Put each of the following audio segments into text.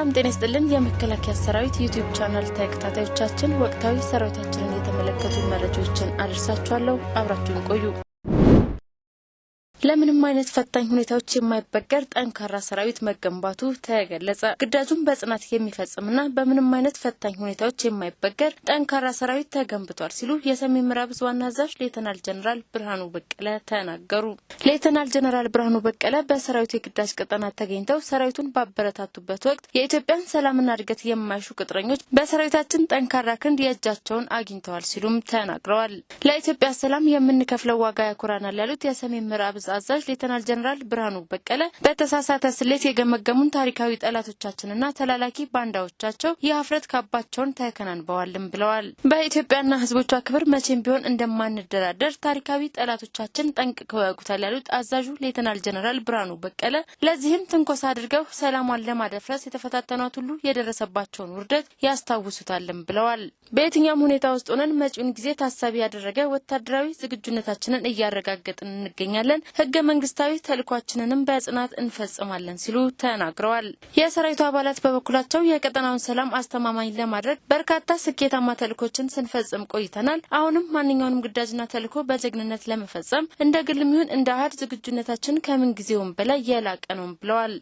ሰላም ጤና ይስጥልን። የመከላከያ ሰራዊት ዩቲዩብ ቻናል ተከታታዮቻችን ወቅታዊ ሰራዊታችንን የተመለከቱ መረጃዎችን አደርሳችኋለሁ። አብራችሁን ቆዩ። ለምንም አይነት ፈታኝ ሁኔታዎች የማይበገር ጠንካራ ሰራዊት መገንባቱ ተገለጸ። ግዳጁን በጽናት የሚፈጽምና በምንም አይነት ፈታኝ ሁኔታዎች የማይበገር ጠንካራ ሰራዊት ተገንብቷል ሲሉ የሰሜን ምዕራብ ዋና አዛዥ ሌተናል ጀነራል ብርሃኑ በቀለ ተናገሩ። ሌተናል ጀነራል ብርሃኑ በቀለ በሰራዊቱ የግዳጅ ቀጠና ተገኝተው ሰራዊቱን ባበረታቱበት ወቅት የኢትዮጵያን ሰላምና እድገት የማይሹ ቅጥረኞች በሰራዊታችን ጠንካራ ክንድ የእጃቸውን አግኝተዋል ሲሉም ተናግረዋል። ለኢትዮጵያ ሰላም የምንከፍለው ዋጋ ያኮራናል ያሉት የሰሜን ምዕራብ አዛዥ ሌተናል ጀኔራል ብርሃኑ በቀለ በተሳሳተ ስሌት የገመገሙን ታሪካዊ ጠላቶቻችንና ተላላኪ ባንዳዎቻቸው የአፍረት ካባቸውን ተከናንበዋልም ብለዋል። በኢትዮጵያና ህዝቦቿ ክብር መቼም ቢሆን እንደማንደራደር ታሪካዊ ጠላቶቻችን ጠንቅቀው ያውቁታል ያሉት አዛዡ ሌተናል ጀኔራል ብርሃኑ በቀለ ለዚህም ትንኮሳ አድርገው ሰላሟን ለማደፍረስ የተፈታተኗት ሁሉ የደረሰባቸውን ውርደት ያስታውሱታልም ብለዋል። በየትኛውም ሁኔታ ውስጥ ሆነን መጪውን ጊዜ ታሳቢ ያደረገ ወታደራዊ ዝግጁነታችንን እያረጋገጥን እንገኛለን። ህገ መንግስታዊ ተልኳችንንም በጽናት እንፈጽማለን ሲሉ ተናግረዋል። የሰራዊቱ አባላት በበኩላቸው የቀጠናውን ሰላም አስተማማኝ ለማድረግ በርካታ ስኬታማ ተልኮችን ስንፈጽም ቆይተናል። አሁንም ማንኛውንም ግዳጅና ተልኮ በጀግንነት ለመፈጸም እንደ ግልም ይሁን እንደ አህድ ዝግጁነታችን ከምን ጊዜውም በላይ የላቀ ነው ብለዋል።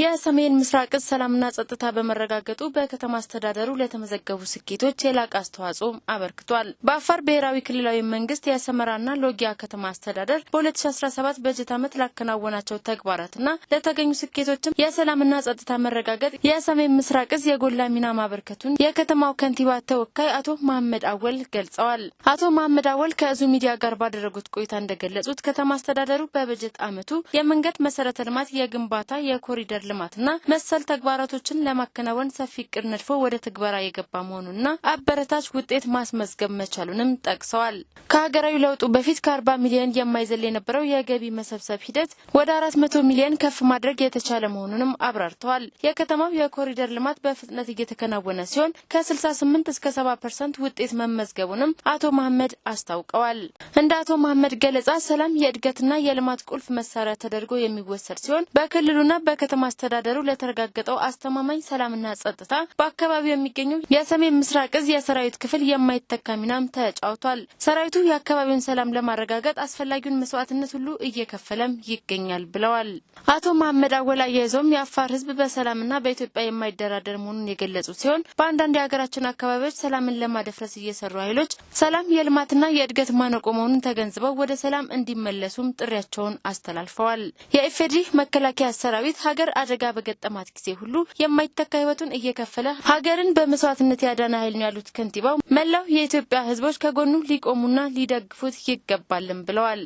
የሰሜን ምስራቅ ዕዝ ሰላምና ጸጥታ በመረጋገጡ በከተማ አስተዳደሩ ለተመዘገቡ ስኬቶች የላቀ አስተዋጽኦም አበርክቷል። በአፋር ብሔራዊ ክልላዊ መንግስት የሰመራና ሎጊያ ከተማ አስተዳደር በ2017 በጀት ዓመት ላከናወናቸው ተግባራትና ለተገኙ ስኬቶችም የሰላምና ጸጥታ መረጋገጥ የሰሜን ምስራቅ የጎላ ሚና ማበርከቱን የከተማው ከንቲባ ተወካይ አቶ መሐመድ አወል ገልጸዋል። አቶ መሐመድ አወል ከእዙ ሚዲያ ጋር ባደረጉት ቆይታ እንደገለጹት ከተማ አስተዳደሩ በበጀት ዓመቱ የመንገድ መሰረተ ልማት፣ የግንባታ፣ የኮሪደር ልማትና መሰል ተግባራቶችን ለማከናወን ሰፊ እቅድ ነድፎ ወደ ትግበራ የገባ መሆኑንና አበረታች ውጤት ማስመዝገብ መቻሉንም ጠቅሰዋል። ከሀገራዊ ለውጡ በፊት ከአርባ ሚሊዮን የማይዘል የነበረው የገቢ መሰብሰብ ሂደት ወደ አራት መቶ ሚሊዮን ከፍ ማድረግ የተቻለ መሆኑንም አብራርተዋል። የከተማው የኮሪደር ልማት በፍጥነት እየተከናወነ ሲሆን ከ68 እስከ 70 ፐርሰንት ውጤት መመዝገቡንም አቶ መሀመድ አስታውቀዋል። እንደ አቶ መሀመድ ገለጻ ሰላም የእድገትና የልማት ቁልፍ መሳሪያ ተደርጎ የሚወሰድ ሲሆን በክልሉና በከተማ አስተዳደሩ ለተረጋገጠው አስተማማኝ ሰላምና ጸጥታ በአካባቢው የሚገኘው የሰሜን ምስራቅ እዝ የሰራዊት ክፍል የማይተካ ሚናም ተጫውቷል። ሰራዊቱ የአካባቢውን ሰላም ለማረጋገጥ አስፈላጊውን መስዋዕትነት ሁሉ እየከፈለም ይገኛል ብለዋል። አቶ መሐመድ አወል አያይዘውም የአፋር ሕዝብ በሰላምና በኢትዮጵያ የማይደራደር መሆኑን የገለጹ ሲሆን በአንዳንድ የሀገራችን አካባቢዎች ሰላምን ለማደፍረስ እየሰሩ ኃይሎች ሰላም የልማትና የእድገት ማነቆ መሆኑን ተገንዝበው ወደ ሰላም እንዲመለሱም ጥሪያቸውን አስተላልፈዋል። የኢፌዴሪ መከላከያ ሰራዊት ሀገር አደጋ በገጠማት ጊዜ ሁሉ የማይተካ ህይወቱን እየከፈለ ሀገርን በመስዋዕትነት ያዳነ ኃይል ነው ያሉት ከንቲባው መላው የኢትዮጵያ ህዝቦች ከጎኑ ሊቆሙና ሊደግፉት ይገባልን ብለዋል።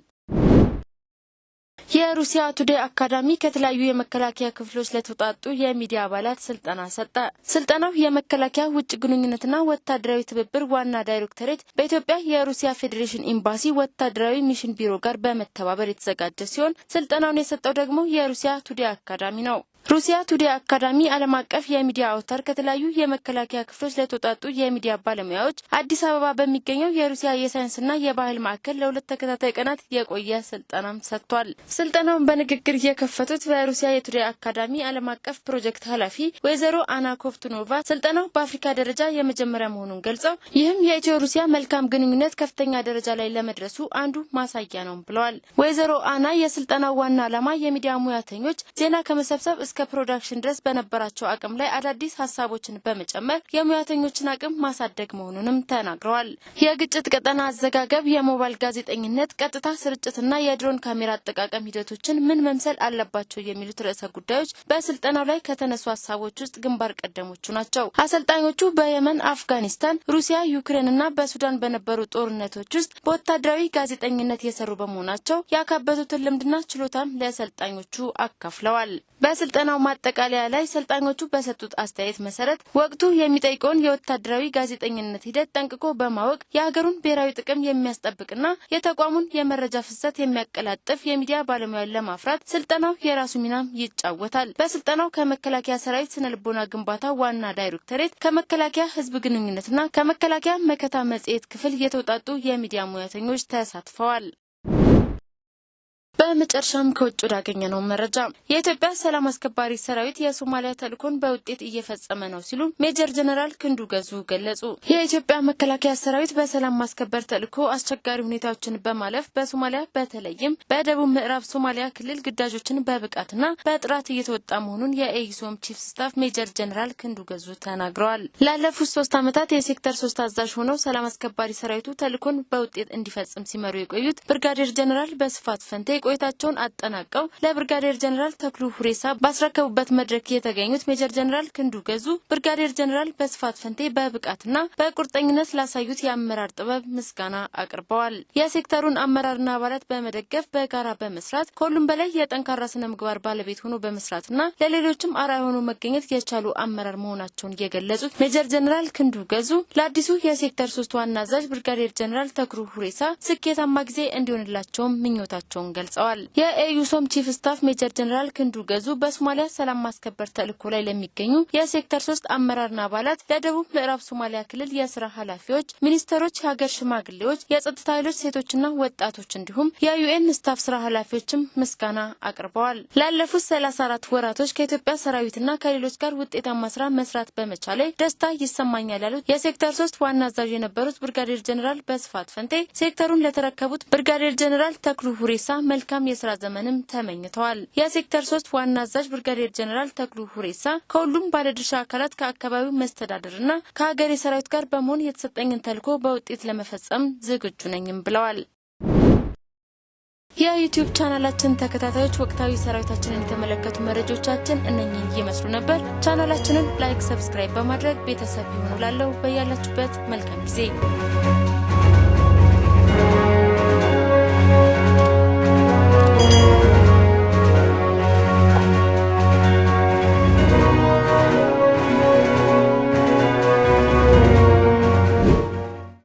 የሩሲያ ቱዴ አካዳሚ ከተለያዩ የመከላከያ ክፍሎች ለተውጣጡ የሚዲያ አባላት ስልጠና ሰጠ። ስልጠናው የመከላከያ ውጭ ግንኙነትና ወታደራዊ ትብብር ዋና ዳይሬክቶሬት በኢትዮጵያ የሩሲያ ፌዴሬሽን ኤምባሲ ወታደራዊ ሚሽን ቢሮ ጋር በመተባበር የተዘጋጀ ሲሆን ስልጠናውን የሰጠው ደግሞ የሩሲያ ቱዴ አካዳሚ ነው። ሩሲያ ቱዴ አካዳሚ ዓለም አቀፍ የሚዲያ አውታር ከተለያዩ የመከላከያ ክፍሎች ለተውጣጡ የሚዲያ ባለሙያዎች አዲስ አበባ በሚገኘው የሩሲያ የሳይንስና የባህል ማዕከል ለሁለት ተከታታይ ቀናት የቆየ ስልጠናም ሰጥቷል። ስልጠናውን በንግግር የከፈቱት በሩሲያ የቱዴ አካዳሚ ዓለም አቀፍ ፕሮጀክት ኃላፊ ወይዘሮ አና ኮፍቱኖቫ ስልጠናው በአፍሪካ ደረጃ የመጀመሪያ መሆኑን ገልጸው ይህም የኢትዮ ሩሲያ መልካም ግንኙነት ከፍተኛ ደረጃ ላይ ለመድረሱ አንዱ ማሳያ ነው ብለዋል። ወይዘሮ አና የስልጠናው ዋና ዓላማ የሚዲያ ሙያተኞች ዜና ከመሰብሰብ እስከ ፕሮዳክሽን ድረስ በነበራቸው አቅም ላይ አዳዲስ ሀሳቦችን በመጨመር የሙያተኞችን አቅም ማሳደግ መሆኑንም ተናግረዋል። የግጭት ቀጠና አዘጋገብ፣ የሞባይል ጋዜጠኝነት፣ ቀጥታ ስርጭትና የድሮን ካሜራ አጠቃቀም ሂደቶችን ምን መምሰል አለባቸው የሚሉት ርዕሰ ጉዳዮች በስልጠናው ላይ ከተነሱ ሀሳቦች ውስጥ ግንባር ቀደሞቹ ናቸው። አሰልጣኞቹ በየመን፣ አፍጋኒስታን፣ ሩሲያ፣ ዩክሬንና በሱዳን በነበሩ ጦርነቶች ውስጥ በወታደራዊ ጋዜጠኝነት የሰሩ በመሆናቸው ያካበቱትን ልምድና ችሎታም ለሰልጣኞቹ አካፍለዋል። በስልጠናው ማጠቃለያ ላይ ሰልጣኞቹ በሰጡት አስተያየት መሰረት ወቅቱ የሚጠይቀውን የወታደራዊ ጋዜጠኝነት ሂደት ጠንቅቆ በማወቅ የሀገሩን ብሔራዊ ጥቅም የሚያስጠብቅና የተቋሙን የመረጃ ፍሰት የሚያቀላጥፍ የሚዲያ ባለሙያን ለማፍራት ስልጠናው የራሱ ሚናም ይጫወታል። በስልጠናው ከመከላከያ ሰራዊት ስነልቦና ግንባታ ዋና ዳይሬክተሬት፣ ከመከላከያ ህዝብ ግንኙነትና ከመከላከያ መከታ መጽሔት ክፍል የተውጣጡ የሚዲያ ሙያተኞች ተሳትፈዋል። በመጨረሻም ከውጭ ነው መረጃ የኢትዮጵያ ሰላም አስከባሪ ሰራዊት የሶማሊያ ተልእኮን በውጤት እየፈጸመ ነው ሲሉ ሜጀር ጀነራል ክንዱ ገዙ ገለጹ። የኢትዮጵያ መከላከያ ሰራዊት በሰላም ማስከበር ተልእኮ አስቸጋሪ ሁኔታዎችን በማለፍ በሶማሊያ በተለይም በደቡብ ምዕራብ ሶማሊያ ክልል ግዳጆችን በብቃትና በጥራት እየተወጣ መሆኑን የኤይሶም ቺፍ ስታፍ ሜጀር ጀነራል ክንዱ ገዙ ተናግረዋል። ላለፉት ሶስት ዓመታት የሴክተር ሶስት አዛዥ ሆነው ሰላም አስከባሪ ሰራዊቱ ተልእኮን በውጤት እንዲፈጽም ሲመሩ የቆዩት ብርጋዴር ጀነራል በስፋት ፈንቴ ቆይታቸውን አጠናቀው ለብርጋዴር ጀኔራል ተክሉ ሁሬሳ ባስረከቡበት መድረክ የተገኙት ሜጀር ጀኔራል ክንዱ ገዙ ብርጋዴር ጀኔራል በስፋት ፈንቴ በብቃትና በቁርጠኝነት ላሳዩት የአመራር ጥበብ ምስጋና አቅርበዋል። የሴክተሩን አመራርና አባላት በመደገፍ በጋራ በመስራት ከሁሉም በላይ የጠንካራ ስነ ምግባር ባለቤት ሆኖ በመስራትና ለሌሎችም አርአያ ሆኖ መገኘት የቻሉ አመራር መሆናቸውን የገለጹት ሜጀር ጀኔራል ክንዱ ገዙ ለአዲሱ የሴክተር ሶስት ዋና አዛዥ ብርጋዴር ጀኔራል ተክሩ ሁሬሳ ስኬታማ ጊዜ እንዲሆንላቸውም ምኞታቸውን ገልጸዋል። ገልጸዋል። የኤዩሶም ቺፍ ስታፍ ሜጀር ጀኔራል ክንዱ ገዙ በሶማሊያ ሰላም ማስከበር ተልዕኮ ላይ ለሚገኙ የሴክተር ሶስት አመራርና አባላት፣ ለደቡብ ምዕራብ ሶማሊያ ክልል የስራ ኃላፊዎች፣ ሚኒስተሮች፣ የሀገር ሽማግሌዎች፣ የጸጥታ ኃይሎች፣ ሴቶችና ወጣቶች እንዲሁም የዩኤን ስታፍ ስራ ኃላፊዎችም ምስጋና አቅርበዋል። ላለፉት 34 ወራቶች ከኢትዮጵያ ሰራዊትና ከሌሎች ጋር ውጤታማ ስራ መስራት በመቻሌ ደስታ ይሰማኛል ያሉት የሴክተር ሶስት ዋና አዛዥ የነበሩት ብርጋዴር ጀኔራል በስፋት ፈንቴ ሴክተሩን ለተረከቡት ብርጋዴር ጀኔራል ተክሉ ሁሬሳ መልካም መልካም የስራ ዘመንም ተመኝተዋል። የሴክተር ሶስት ዋና አዛዥ ብርጋዴር ጀኔራል ተክሉ ሁሬሳ ከሁሉም ባለድርሻ አካላት ከአካባቢው መስተዳደርና ከሀገሬ ሰራዊት ጋር በመሆን የተሰጠኝን ተልኮ በውጤት ለመፈጸም ዝግጁ ነኝም ብለዋል። የዩቲዩብ ቻናላችን ተከታታዮች ወቅታዊ ሰራዊታችንን የተመለከቱ መረጃዎቻችን እነኚህ ይመስሉ ነበር። ቻናላችንን ላይክ፣ ሰብስክራይብ በማድረግ ቤተሰብ ይሆኑ ላለው በያላችሁበት መልካም ጊዜ